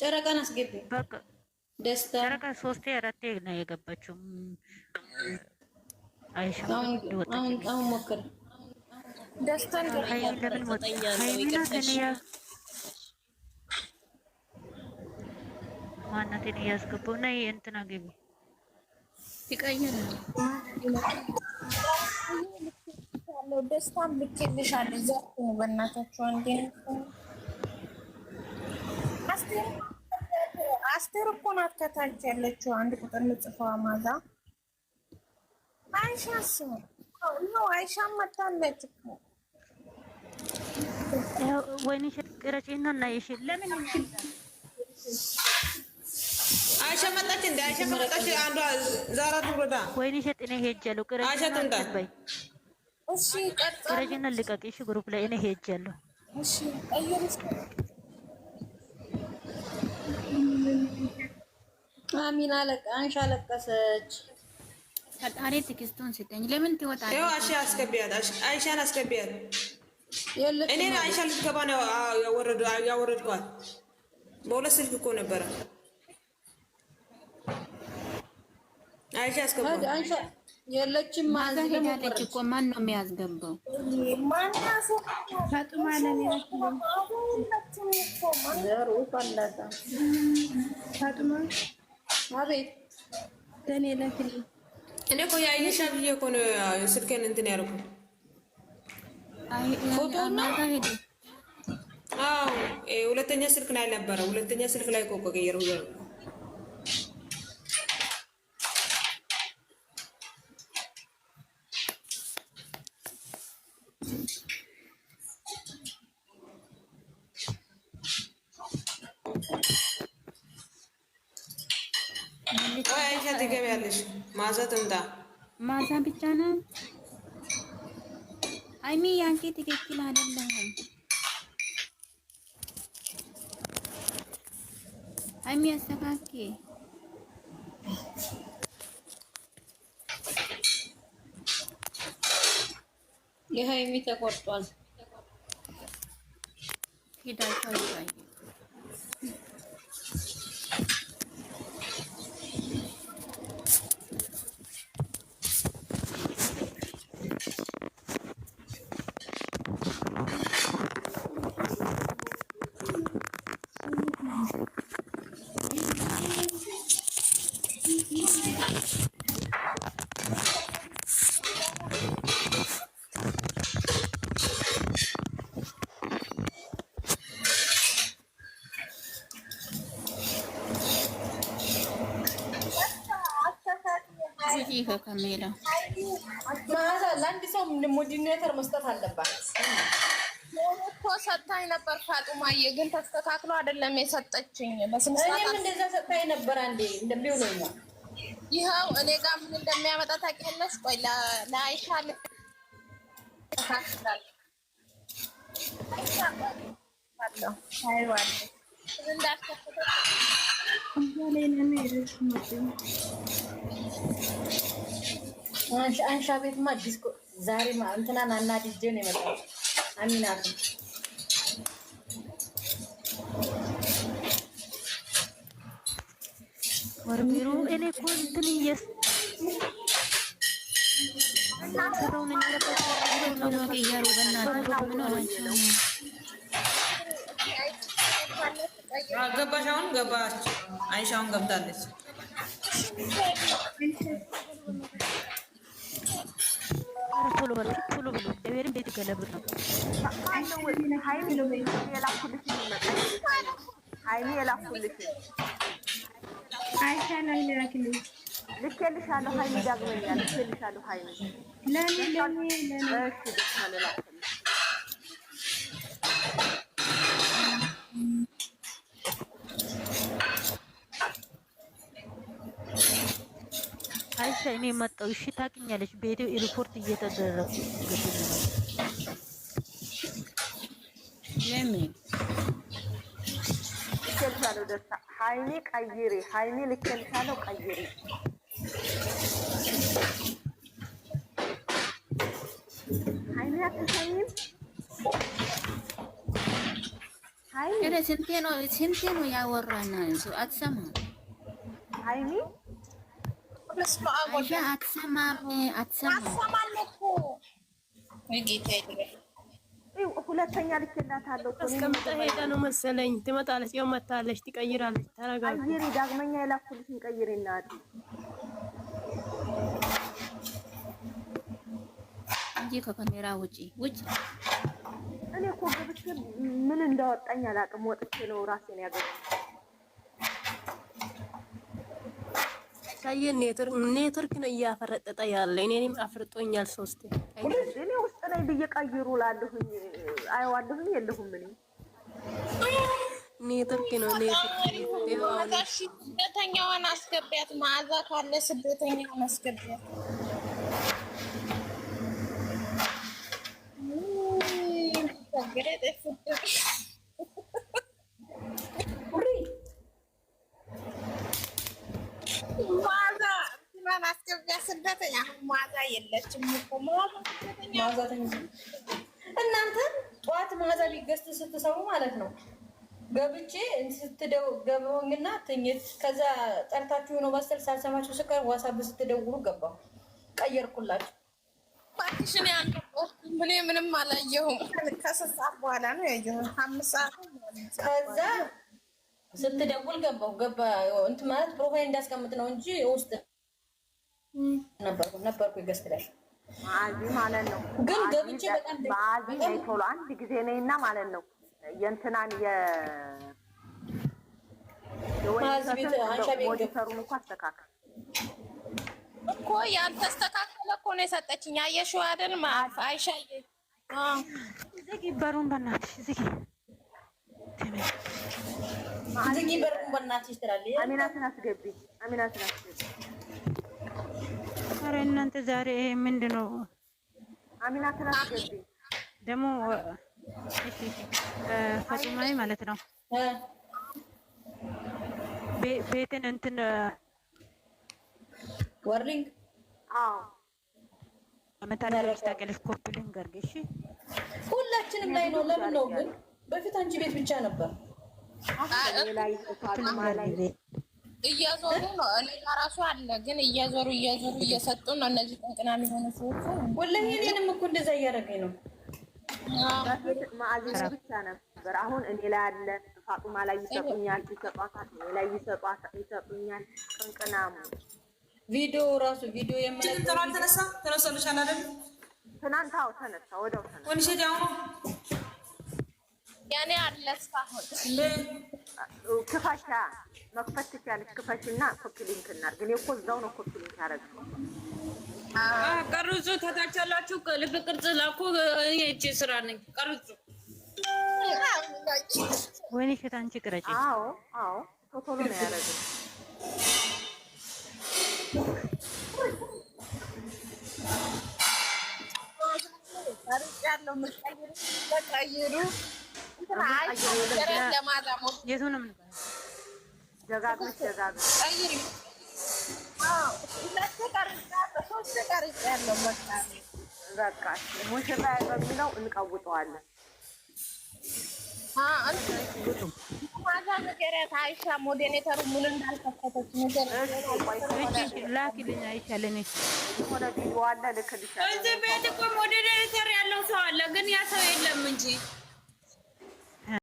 ጨረቃን አስገቢ። ደስታ ጨረቃ ሶስቴ አራቴ ነው የገባችው። አይሻ አሁን ሞክር። ደስታን ማናትን እያስገባው እና እንትና ገቢ ይቀይራል። ደስታን ልኬልሻለሁ። በእናታችሁ አንዴ አስቴር እኮ ናት ከታች ያለችው አንድ ቁጥር ምጽፈዋ ማዛ አይሻ ስሙ ኖ አይሻ መታለች እኮ ወይኔ ቅረጭና እናይሽ። ለምን አይሻ መጣች? እንደ አይሻ መጣች። አንዷ ዛራ ትጎዳ። ወይኔ ሸጥ እኔ ሄጃለሁ። ቅረጭና ልቀቅ። እሺ፣ ግሩፕ ላይ እኔ ሄጃለሁ። እሺ አሚና አንቺ አለቀሰች። ፈጣሪ ትዕግስቱን ስጠኝ። ለምን ትወጣለህ? አሺ አስገቢያት፣ አይሻን አስገቢያት። እኔ አይሻ ልትገባ ነው ያወረድኳት። በሁለት ስልክ እኮ ነበረ። አይሻ አስገባ የለችም ሄዳለች እኮ ማን ነው የሚያስገባው? እኔ እኮ የአይንሻ ብዬ እኮ ነው ስልኬን እንትን ያደረኩት። ሁለተኛ ስልክ ላይ ነበረ። ሁለተኛ ስልክ ላይ እኮ ቀየረው። आई मी यहाँ के धंदा माझा बिचाना आम्ही यांकी तिकीटची भारत बाहेर आम्ही असं का की यह आम्हीचा करतो आज ही डायफॉल पाहिजे ለአንድ ሰው ሞዲኔተር መስጠት አለባት ሰጥታኝ ነበር። ፋጡማዬ ግን ተስተካክሎ አይደለም የሰጠችኝ። እኔም እንደዛ ሰጥታኝ ነበር አንዴ እንደሚሆነኝ ይኸው እኔ ጋር ምን እንደሚያመጣ ታውቂያለሽ? ቆይ ለአይሻ አንሻ ቤትማ ዲስኮ ዛሬ እንትናን አናድጄ ነው የመጣሁት አሚናቱ ወርሚሮ እኔ እኮ እንትን ገባሽ? አሁን ገባሽ? አይሻ አሁን ገብታለች። ቶሎ በል ቶሎ ብሎ እግዚአብሔርን ቤት ገለብጥ ነው። ሀይሚ የላኩልሽ ልኬልሻለሁ ሀይሚ ዳግመኛ አይሻ እኔ መጣሁ። እሺ ታውቂኛለሽ፣ ቤቴ ሪፖርት እየተደረኩ ወደሳ ሀይሚ ቀይሪ፣ ሀይሚ ልኬልሻለሁ ቀይሪ። ሀይሚ አትሰሚም? ሀይሚ ስንቴ ነው ስንቴ ነው ያወራና አትሰማም? ሀይሚ አትሰማም፣ አትሰማም ሁለተኛ ልኬላታለሁ። አስቀምጠህ ሄደህ ነው መሰለኝ። ትመጣለች፣ ያው መታለች፣ ትቀይራለች። ተረጋጋ። አየሪ ዳግመኛ የላኩልሽን ቀይሪና አለ እንጂ ከካሜራ ውጪ ውጪ። እኔ እኮ ገብቼ ምን እንዳወጣኝ አላውቅም። ወጥቼ ነው ራሴን ያገኘሁት። ሩታዬ ኔትወርክ ነው እያፈረጠጠ ያለ። እኔም አፍርጦኛል። ሶስት እኔ ውስጥ ላይ ብየቀይሩ ላለሁኝ አየዋለሁኝ የለሁም እኔ ኔትወርክ ነው ኔትወርክ። ስደተኛዋን አስገቢያት፣ ማዛ ካለ ስደተኛዋን አስገቢያት። ግሬ እናንተ ጠዋት ማዛ ቢገዝት ስትሰሩ ማለት ነው ገብቼ ስትደው ገበውኝና ትኝት ከዛ ጠርታችሁ ነው መሰል ሳልሰማችሁ ስቀር ዋሳብ ስትደውሉ ገባ ቀየርኩላችሁ። ፓርቲሽን እባክሽን እኔ ምንም አላየሁም። ከስንት ሰዓት በኋላ ነው ያየሁት? አምስት ሰዓት ከዛ ስትደውል ገባው ገባ እንት ማለት ፕሮፋይል እንዳስቀምጥ ነው እንጂ ውስጥ ነበርኩ ነበርኩ ይገዝት ማዚ ማለት ነው። ግን ገብቼ በጣም ማዚ ነይ ቶሎ አንድ ጊዜ ነይና ማለት ነው የእንትናን የሞኒተሩን እኮ አስተካከል እኮ ያልተስተካከለ እኮ ነው የሰጠችኝ። አየሽው አይደል? ማፍ አይሻዬ ዝጊ በሩን በእናትሽ ዝጊ ዝጊ በሩን በእናትሽ ትላለች። አሚናትን አስገቢ አሚናትን አስገቢ ኧረ እናንተ ዛሬ ይሄ ምንድን ነው ደግሞ? ፈጡማዊ ማለት ነው ቤትን እንትን ወርሊንግ መታደሪያዎች ታገለሽ ኮፕሊንግ እሺ፣ ሁላችንም ላይ ነው። ለምን ነው ግን በፊት አንቺ ቤት ብቻ ነበር። አሁን ላይ ማለት ነው። እየዞሩ ነው። እኔ ራሱ አለ ግን እየዞሩ እየዞሩ እየሰጡ ነው። እነዚህ ጥንቅና የሚሆኑ ሰዎች ወላሂ እኔንም እኮ እንደዛ እያደረገኝ ነው። ማዕዜን ብቻ ነበር። አሁን እኔ ላይ አለ፣ ፋጡማ ላይ ይሰጡኛል፣ ይሰጧታል፣ እኔ ላይ ይሰጡኛል። ጥንቅናሙ ቪዲዮ ራሱ ቪዲዮ የምትራል ተነሳ ተነሳ ተነሳልሻል አይደል? ትናንት አዎ፣ ተነሳ ወደው ተነሳ። ወንሸት ዲያው ያኔ አለ እስካሁን ክፋሻ መክፈት ትችያለሽ። ክፈሽና ኮፒ ሊንክ እናድርግ። እኔ እኮ እዛው ነው ኮፒ ሊንክ ያደረግነው። ቀርጹ፣ ተታች ያላችሁ ልብ ቅርጽ ላኩ። እኔ ስራ ነኝ። ቀርጹ። ወይኔ ሸት አንቺ ቅረጭ። አዎ አዎ፣ ቶሎ ነው ያደረግነው። የቱንም ነው ደጋግመሽ ደጋግመሽ በቃ ሙሽራ በሚለው እንቀውጠዋለን። ማዛ ንገሪያት አይሻ ሞዴሬተሩ ምን እንዳልከፈተች ላኪልኝ። አይሻ እኮ ሞዴሬተር ያለው ሰው አለ፣ ግን ያ ሰው የለም እንጂ